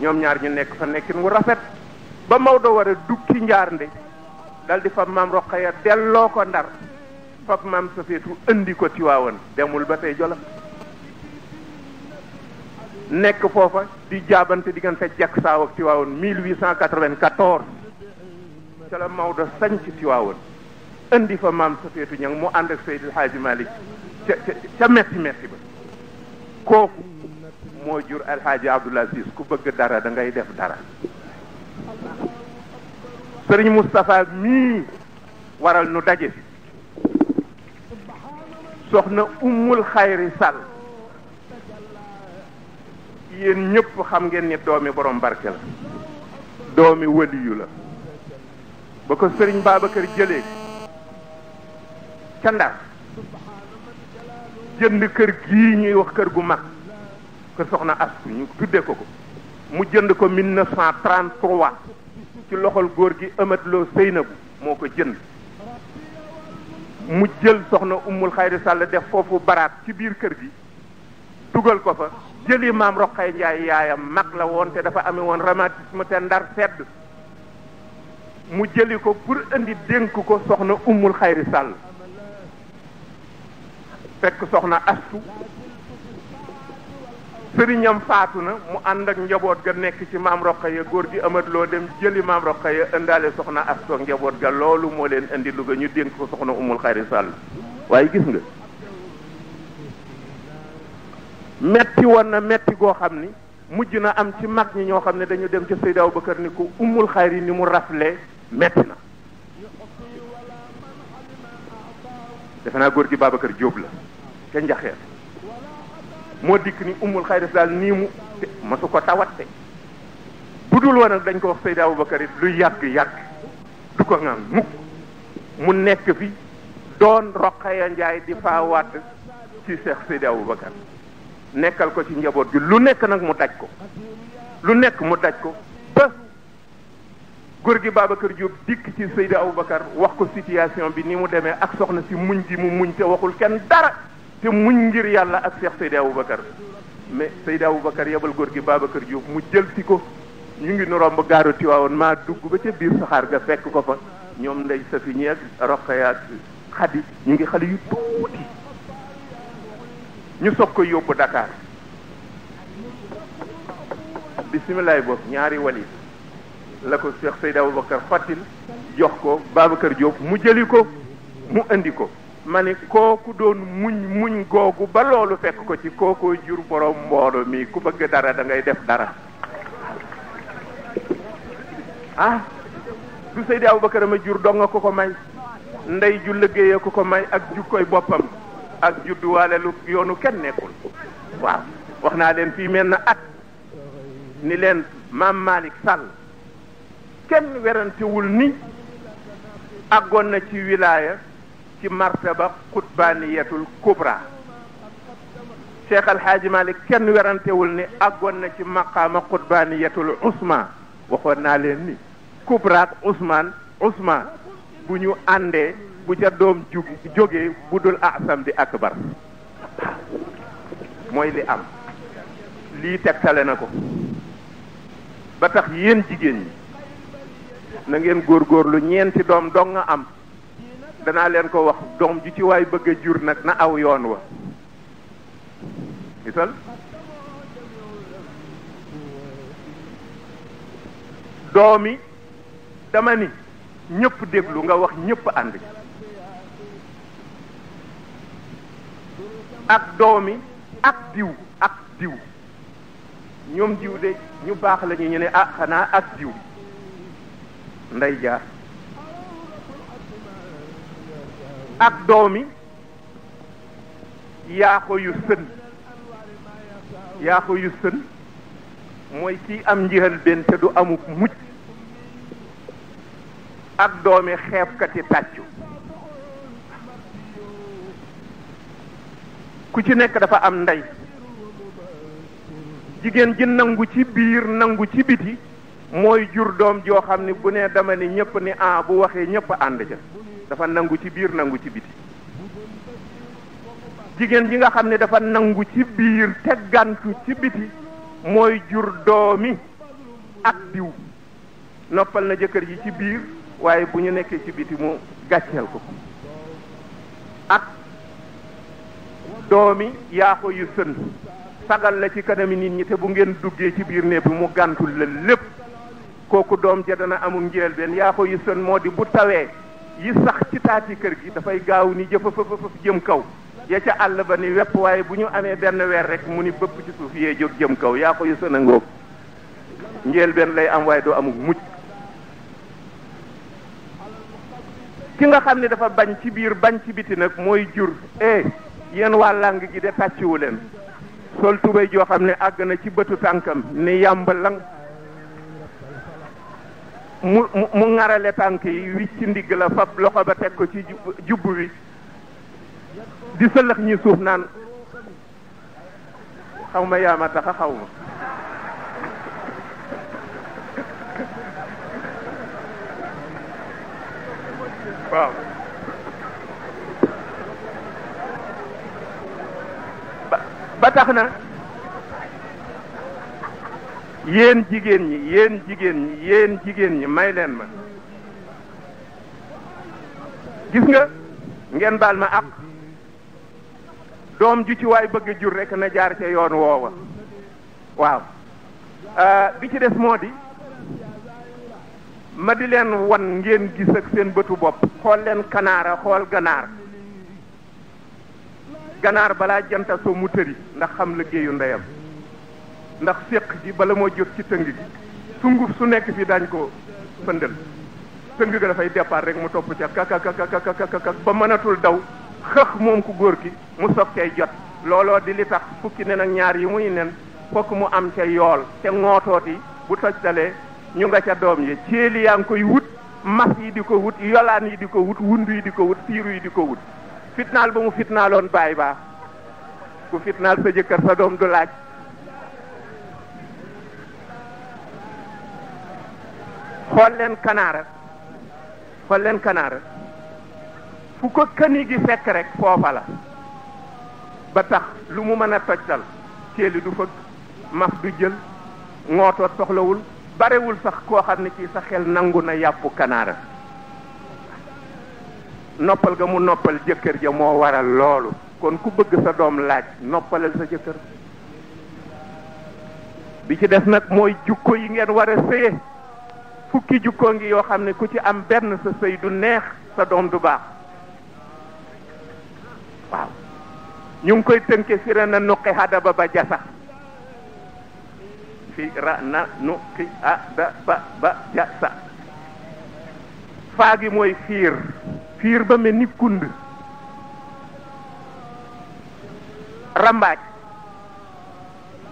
ñom ñaar ñu nek fa nekkin wu rafet ba mawdo wara dukki dal fab mam roqaya dello ko ndar fab mam safetu andi ko tiwaawan demul ba tay jolof nek fofa di jaabante diggante jak saaw ak tiwaawan 1894 ca la mawdo sañ ci tiwaawan andi fa maam Safiyatu Ñang mu ànd ak Seydil Haaji Malick ca metti metti ba kooku moo jur alxaaji Abdul Aziz ku bëgg dara dangay def dara sëriñ Moustapha mii waral nu daje fi soxna ummul xayri sàll yéen ñëpp xam ngeen ni doomi borom barke la doomi wëliyu la ba ko sëriñ Babacar jëlee ca ndar jënd kër gii ñuy wax kër gu mag kër soxna astu ñu tuddee ko ko mu jënd ko 1933 ci loxol góor gi Amath Lo Seynabu moo ko jënd mu jël soxna Ummul Xayri Sall def foofu baraat ci biir kër gi dugal ko fa jëli maam Roqay Njaay yaayam mag la woon te dafa ame woon rhumatisme te ndar sedd mu jëli ko pour indi dénk ko soxna umul Xayri sàll fekk soxna astu sëriñam faatu na mu ànd ak njaboot ga nekk ci maam Rokhaya góor gi amat loo dem jëli maam Rokhaya indaale soxna astu ak njaboot ga loolu moo leen indi Louga ñu dénk ko soxna umul xayri sàll waaye gis nga metti woon na metti goo xam ni mujj na am ci mag ñi ñoo xam ne dañu dem ca Seydi Abubakar ni ko umul xayri ni mu rafle metti na defe naa góor gi Babacar Diop la ca njaxeer ya. moo dikk ni umul xayris daal nii mu masu ko tawatte budul woon dañ ko wax sayda abubakar it lu yàgg yàgg du ko ngaan mukk mu nekk fi doon roqaya njaay di faa wàdd ci cheikh sayda abubakar nekkal ko ci njaboot gi lu nekk nag mu daj ko lu nekk mu daj ko ba góor gi babacar diop dikk ci sayda abubakar wax ko situation bi ni mu demee ak soxna si muñ gi mu muñ te waxul kenn dara te muñ ngir yàlla ak Cheikh Seydi Aboubacar mais Seydi Aboubacar yebal góor gi Babacar Diouf mu jël si ko ñu ngi nu romb gaaru Tiwaawoon maa dugg ba ca biir saxaar ga fekk ko fa ñoom nday safi ñeeg Rokhaya ak ñu ngi xale yu tuuti ñu soog ko yóbbu Dakar bisimilaay boobu ñaari walit la ko Cheikh Seydi Aboubacar fàttil jox ko Babacar Diop mu jëli ko mu andi ko ma ni kooku doon muñ muñ googu ba loolu fekk ko ci kookoo jur borom mbooloo mii ku bëgg dara da def dara ah du Seydi Abubakar ma jur dong nga ko ko may ndey ju liggéeyee ko ko may ak ju koy boppam ak judduwaale lu yoonu kenn nekkul waaw wax naa leen fii mel na ak ni leen maam Malick Sall kenn werantewul ni àggoon na ci wilaaya ci martaba xutbaaniyatul kubra cheikh alhaaji malik kenn werantewul ni àggoon na ci maqaama xutbaaniyatul usma waxoon naa leen ni kubraak usman usma bu ñu àndee bu ca doom jug jógee bu dul asam di akbar mooy li am lii tegtale na ko ba tax yéen jigéen ñi na ngeen góorgóorlu ñeenti doom dong nga am danaa leen ko wax doom ju ci waay bëgg a jur nag na aw yoon wa gisal doomi dama ni ñëpp déglu nga wax ñëpp ànd ak doomi ak diw ak diw ñoom diw de ñu baax la ñu ñu ne ah xanaa ak diw ndey jaar ak doomi yaaxo yu sën yaaxo yu sën mooy kii am njëhal benn te du amuk mucc ak doomi xeebkati tàccu ku ci nekk dafa am ndey jigéen ji nangu ci biir nangu ci biti mooy jur doom joo xam ne bu ne dama ne ñëpp ni ah bu waxee ñëpp ànd ca dafa nangu ci biir nangu ci biti jigéen ji nga xam ne dafa nangu ci biir teggantu ci biti mooy jur doomi ak diw noppal na jëkkër yi ci biir waaye bu ñu nekkee ci biti mu gàcceel ko ak doomi yaaxo yu sën sagal la ci kanami nit ñi te bu ngeen duggee ci biir néeg bi mu gàntul la lépp kooku doom ja dana amul njëlbeen yaaxo yu sën moo di bu tawee yi sax ci taati kër gi dafay gaaw ni jëfa fa jëm kaw ya ca àll ba ni wepp waaye bu ñu amee benn weer rek mu ni bëpp ci suuf yee jóg jëm kaw yaa ko yu sën njël benn lay am waaye doo amul mucc ki nga xam ne dafa bañ ci biir bañ ci biti nag mooy jur eh yéen waa làng gi de tàcciwu leen sol tubéy joo xam ne àgg na ci bëtu tànkam ni yàmb lang mu mu ŋarale tànk yi wicc ndigg la fab loxo ba teg ko ci jubb wi di sëlëx ñi suuf naan xaw ma yaama taxa xaw ma waaw ba tax na yéen jigéen ñi yéen jigéen ñi yéen jigéen ñi may leen ma gis nga ngeen baal ma àq doom ju ci waay bëgg jur rek na jaar ca yoon woowa waaw euh, bi ci des moo di ma di leen wan ngeen gis ak seen bëtu bopp xool leen kanaara xool ganaar ganaar balaa janta soo mu tëri ndax xam liggéeyu ndeyam ndax séq gi bala moo jóg ci tëng gi sunguf su nekk fii daañ ko fëndal tëng ga dafay départ rek mu topp ca kakakakakakakak ba mënatul daw xëx moom ku góor ki mu sof cay jot looloo di li tax fukki nen ak ñaar yi muy nen fokk mu am ca yool te ngootooti bu toj dalee ñu nga ca doom yi céeli yaa ngi koy wut mas yi di ko wut yolaan yi di ko wut wund yi di ko wut fiiru yi di ko wut fitnaal ba mu fitnaaloon baay baa ku fitnaal sa jëkkër sa doom du laaj xool leen kanaara xool leen kanaara fu ko këni gi fekk rekk foofa la ba tax lu mu mën a tojtal téeli du fëgg maf du jël ngooto soxlawul barewul sax koo xam ne ci sa xel nangu na yàppu kanaara noppal ga mu noppal jëkkër ja moo waral loolu kon ku bëgg sa doom laaj noppalal sa jëkkër bi ci des nag mooy jukko yi ngeen war a séye fukki jukkoo ngi yoo xam ne ku ci am benn sa sëy du neex sa doom du baax waaw ñu ngi koy tënke fi ra na nuqi hadaba ba jasa fi ra na faa gi mooy fiir fiir ba mel ni kund rambaaj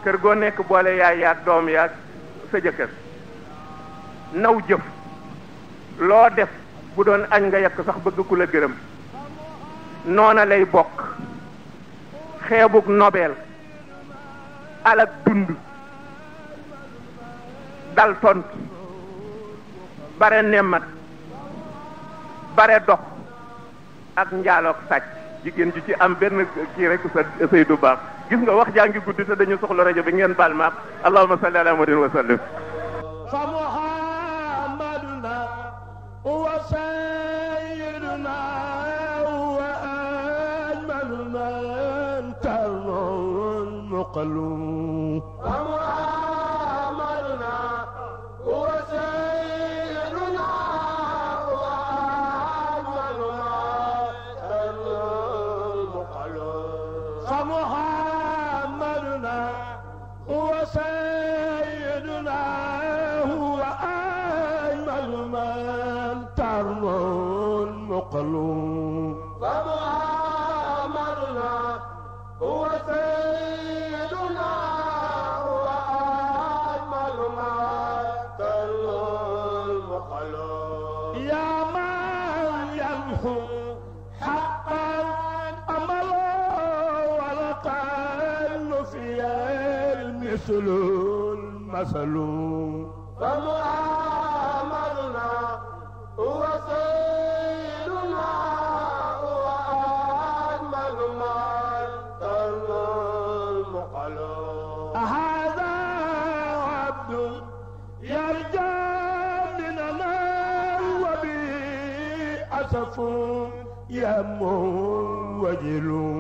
kër goo nekk boole yaay yaag doom yaag sa jëkkër naw jëf loo def bu doon añ nga yekk sax bëgg ku la gërëm noona lay bokk xeebug nobel alak dund dal tont bare nemmat bare dox ak njaaloog sàcc jigéen ji ci am benn kii rek sa say du baax gis nga wax jaa ngi guddi te dañu soxla rajo bi ngeen baal maak allahumma salli ala muhammadin wa sallim وسير ما وأجمل من ترى مقلوب القلوب صبها مرنا هو سيدنا وأجمل ما تلو المخلوق يا من يمحو حقا أملا والأقل في المثل المثلون يهمه وجله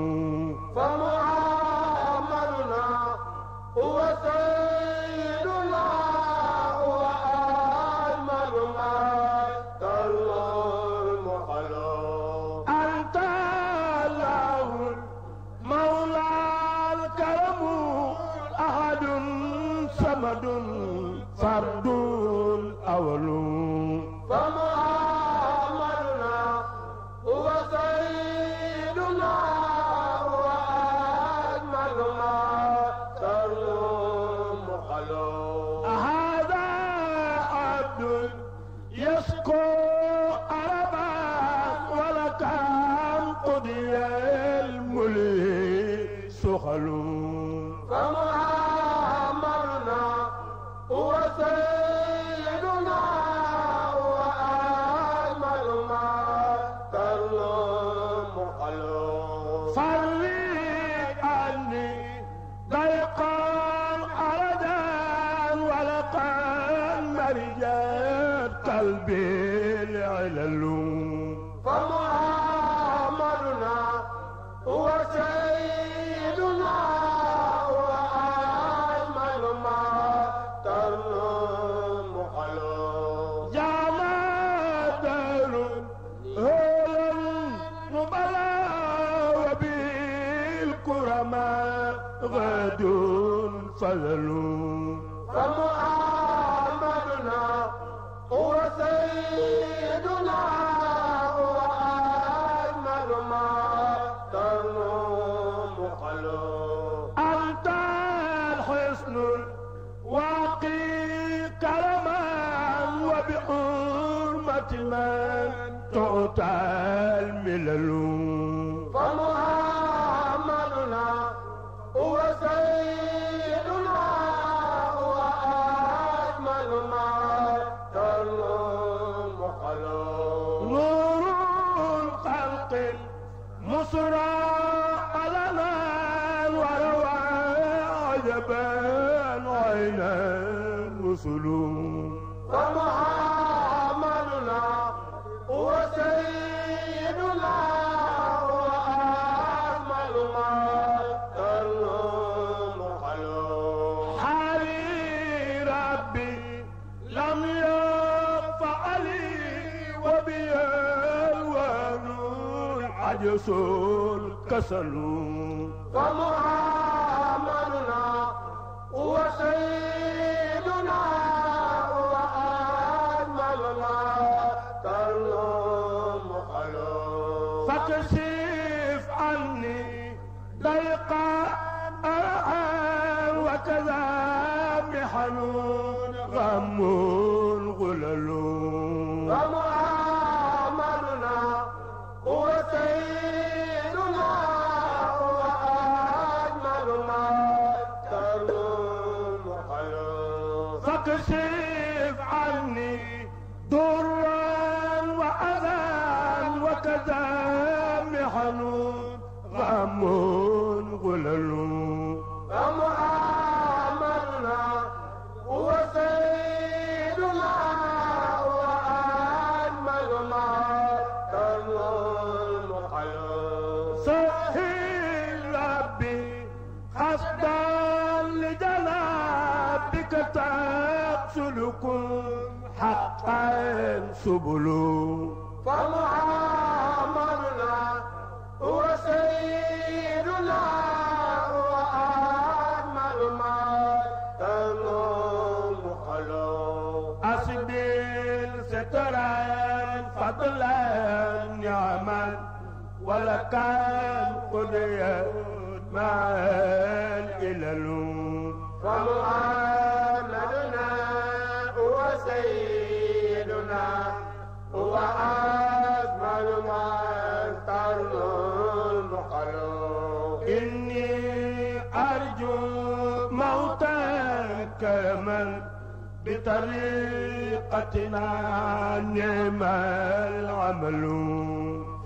العمل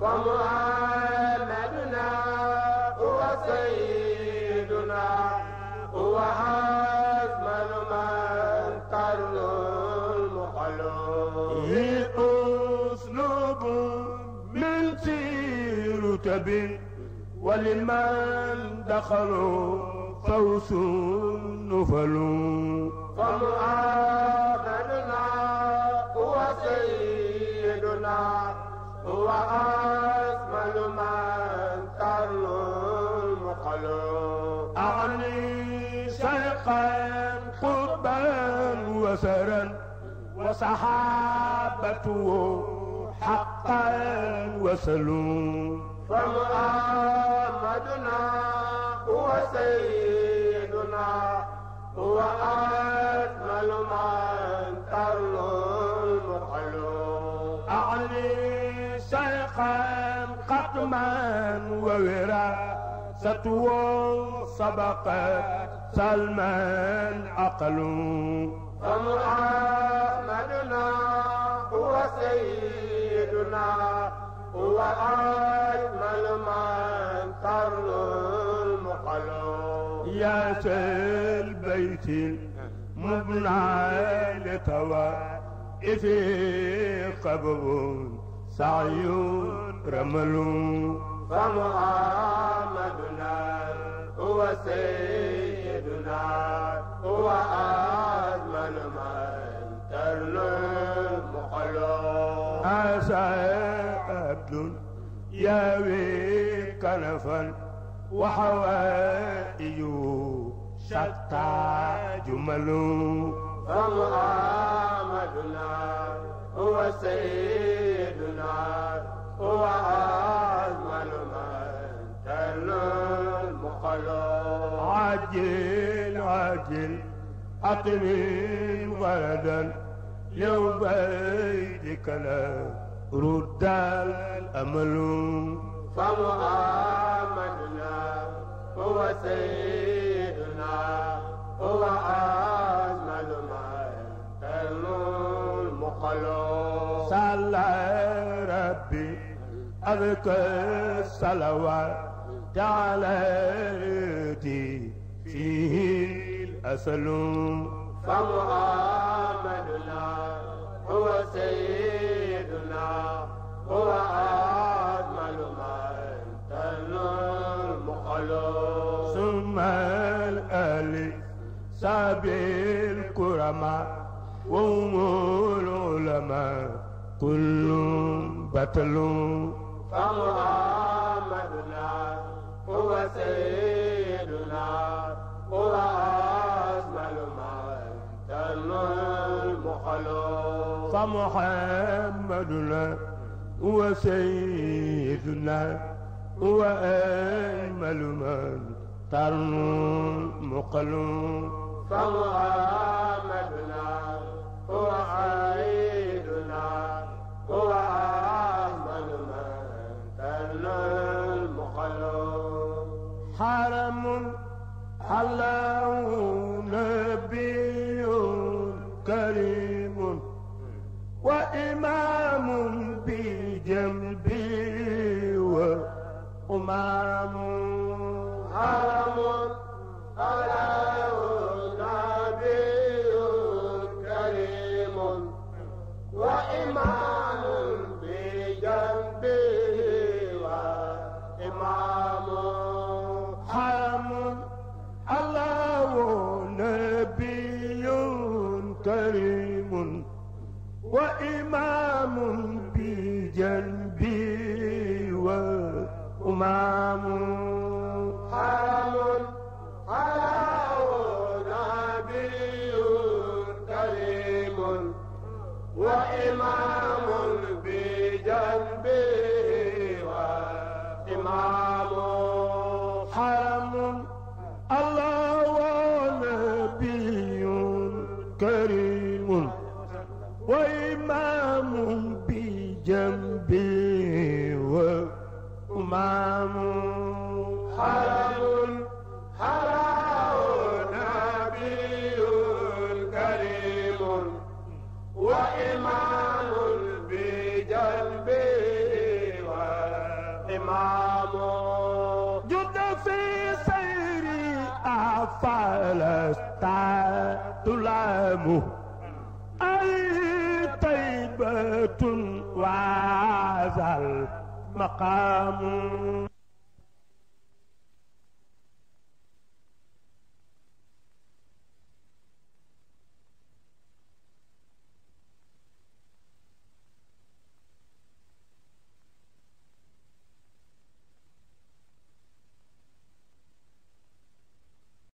صلى هو سيدنا هو حزم من قرن المحل ذي أسلوب من سيرتب ولمن دخلوا فوس نفل فمآمننا هو سيدنا الله هو أكمل من ترلو المقلوب أعني شيقا قربا وسرا وصحابته حقا وسلوم فمحمدنا هو سيدنا هو أكمل من ترلو قطمان وورا ستو سبقت سلمان عقل أحمدنا هو سيدنا هو أجمل من قرن المقل يا سيل بيت مبنى لتوائف قبول سعي رمل فمحمدنا هو سيدنا هو أزمن من ترنو المخلوق عسى عبد يا كنفا وحوائج شتى جمل فمحمدنا هو سيدنا هو أجمل من تلو المخلوق عجل عجل أقم غدا لعبيدك لا رد الأمل فمحمدنا هو سيدنا هو أجمل ما يمكن المخلوق صلى ربي أذكر الصلوات على فيه الأصل فمحمدنا هو سيدنا هو أجمل ما البخلاء ثم الالي سابي الكرماء وهم العلماء كلهم بطل فمحمد هو سيدنا هو أجمل ما المخلوق فمحمد هو سيدنا هو أجمل من ترن مقل فهو مبنى هو عيدنا هو أجمل من ترن مقل حرم حلاه نبي كريم وإمام الرحمن الغلام أي طيبة وهذا المقام